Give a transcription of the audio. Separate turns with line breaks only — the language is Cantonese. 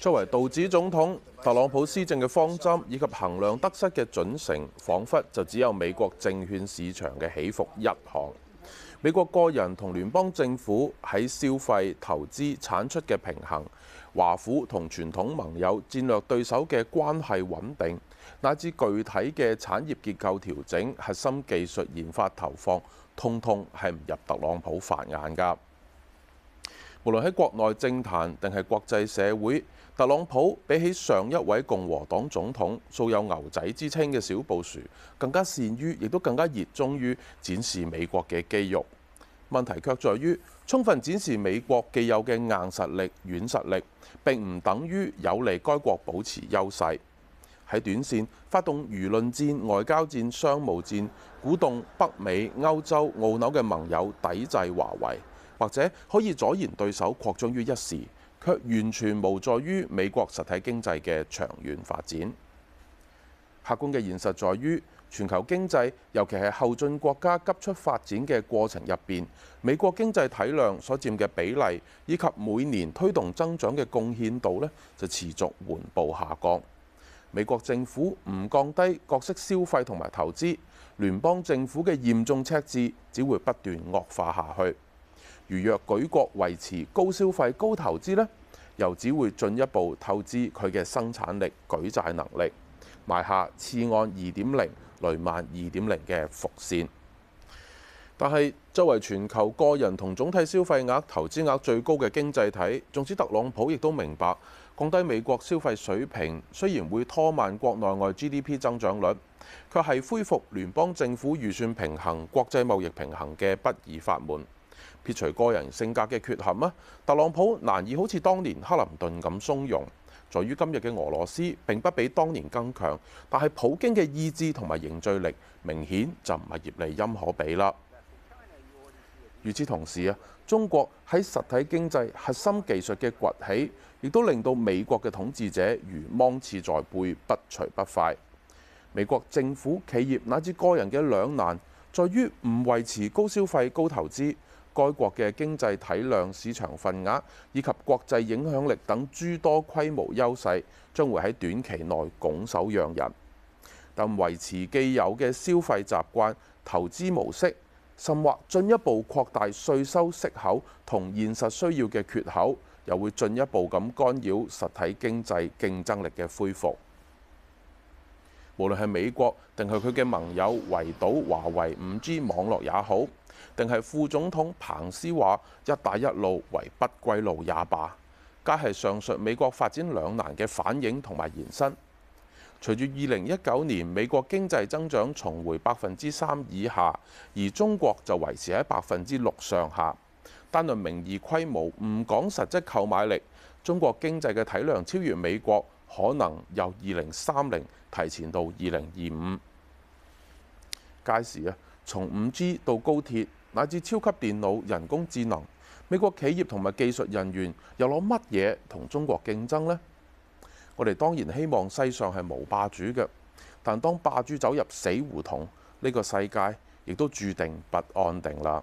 作為道指總統，特朗普施政嘅方針以及衡量得失嘅準繩，彷彿就只有美國證券市場嘅起伏一項。美國個人同聯邦政府喺消費、投資、產出嘅平衡，華府同傳統盟友、戰略對手嘅關係穩定，乃至具體嘅產業結構調整、核心技術研發投放，通通係唔入特朗普法眼㗎。無論喺國內政壇定係國際社會，特朗普比起上一位共和黨總統素有牛仔之稱嘅小布殊，更加善於，亦都更加熱衷於展示美國嘅肌肉。問題卻在於，充分展示美國既有嘅硬實力、軟實力，並唔等於有利該國保持優勢。喺短線，發動輿論戰、外交戰、商務戰，鼓動北美、歐洲、澳紐嘅盟友抵制華為。或者可以阻延對手擴張於一時，卻完全無助於美國實體經濟嘅長遠發展。客觀嘅現實在於，全球經濟尤其係後進國家急速發展嘅過程入邊，美國經濟體量所佔嘅比例以及每年推動增長嘅貢獻度咧，就持續緩步下降。美國政府唔降低各式消費同埋投資，聯邦政府嘅嚴重赤字只會不斷惡化下去。如若舉國維持高消費、高投資呢，又只會進一步透支佢嘅生產力、舉債能力，埋下次按二點零、雷曼二點零嘅伏線。但係，作為全球個人同總體消費額、投資額最高嘅經濟體，縱使特朗普亦都明白，降低美國消費水平雖然會拖慢國內外 GDP 增長率，卻係恢復聯邦政府預算平衡、國際貿易平衡嘅不二法門。撇除個人性格嘅缺陷啊，特朗普難以好似當年克林頓咁鬆容，在於今日嘅俄羅斯並不比當年更強，但係普京嘅意志同埋凝聚力明顯就唔係葉利欽可比啦。與此同時啊，中國喺實體經濟核心技術嘅崛起，亦都令到美國嘅統治者如芒刺在背，不除不快。美國政府、企業乃至個人嘅兩難，在於唔維持高消費、高投資。該國嘅經濟體量、市場份額以及國際影響力等諸多規模優勢，將會喺短期內拱手讓人。但維持既有嘅消費習慣、投資模式，甚或進一步擴大稅收息口同現實需要嘅缺口，又會進一步咁干擾實體經濟競爭力嘅恢復。無論係美國定係佢嘅盟友圍堵華為 5G 網絡也好，定係副總統彭斯話「一帶一路為不歸路」也罷，皆係上述美國發展兩難嘅反應同埋延伸。隨住二零一九年美國經濟增長重回百分之三以下，而中國就維持喺百分之六上下。單論名義規模，唔講實質購買力，中國經濟嘅體量超越美國。可能由二零三零提前到二零二五，屆時啊，從五 G 到高鐵乃至超級電腦、人工智能，美國企業同埋技術人員又攞乜嘢同中國競爭呢？我哋當然希望世上係無霸主嘅，但當霸主走入死胡同，呢個世界亦都注定不安定啦。